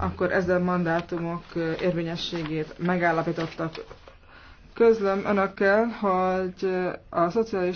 akkor ezzel mandátumok érvényességét megállapítottak. Közlöm önökkel, hogy a szociális